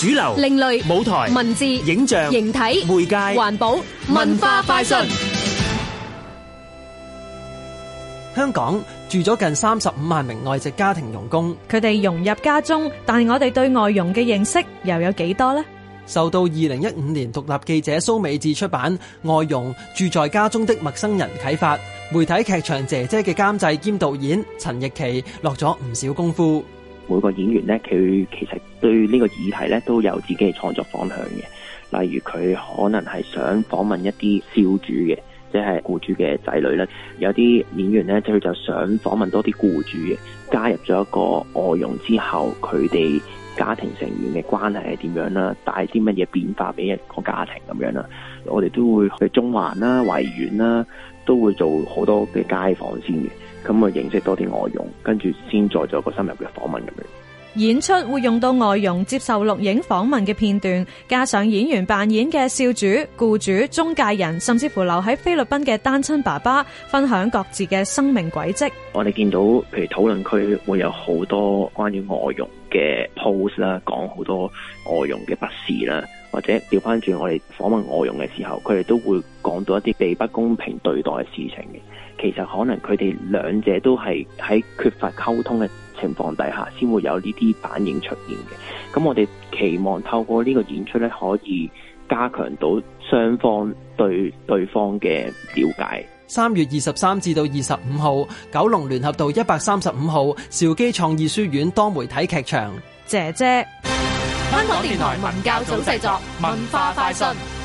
主流、另類舞台、文字、影像、形體、媒介、環保、文化、快訊。香港住咗近三十五萬名外籍家庭傭工，佢哋融入家中，但係我哋對外傭嘅認識又有幾多呢？受到二零一五年獨立記者蘇美智出版《外傭住在家中的陌生人》啟發，媒體劇場姐姐嘅監製兼導演陳逸琪落咗唔少功夫。每個演員呢，佢其實對呢個議題呢都有自己嘅創作方向嘅。例如佢可能係想訪問一啲少主嘅，即係僱主嘅仔女咧。有啲演員呢，佢就想訪問多啲僱主嘅，加入咗一個外傭之後，佢哋。家庭成員嘅關係係點樣啦，帶啲乜嘢變化俾一個家庭咁樣啦，我哋都會去中環啦、維園啦，都會做好多嘅街訪先嘅，咁啊認識多啲外傭，跟住先再做一個深入嘅訪問咁樣。演出會用到外傭接受錄影訪問嘅片段，加上演員扮演嘅少主、雇主、中介人，甚至乎留喺菲律賓嘅單親爸爸，分享各自嘅生命軌跡。我哋見到，譬如討論區會有好多關於外傭嘅 post 啦，講好多外傭嘅不是啦，或者調翻轉我哋訪問外傭嘅時候，佢哋都會講到一啲被不公平對待嘅事情嘅。其實可能佢哋兩者都係喺缺乏溝通嘅情況底下，先會有呢啲反應出現嘅。咁我哋期望透過呢個演出咧，可以加強到雙方對對方嘅了解。三月二十三至到二十五號，九龍聯合道一百三十五號兆基創意書院多媒體劇場，姐姐。香港電台文教組製作文化快訊。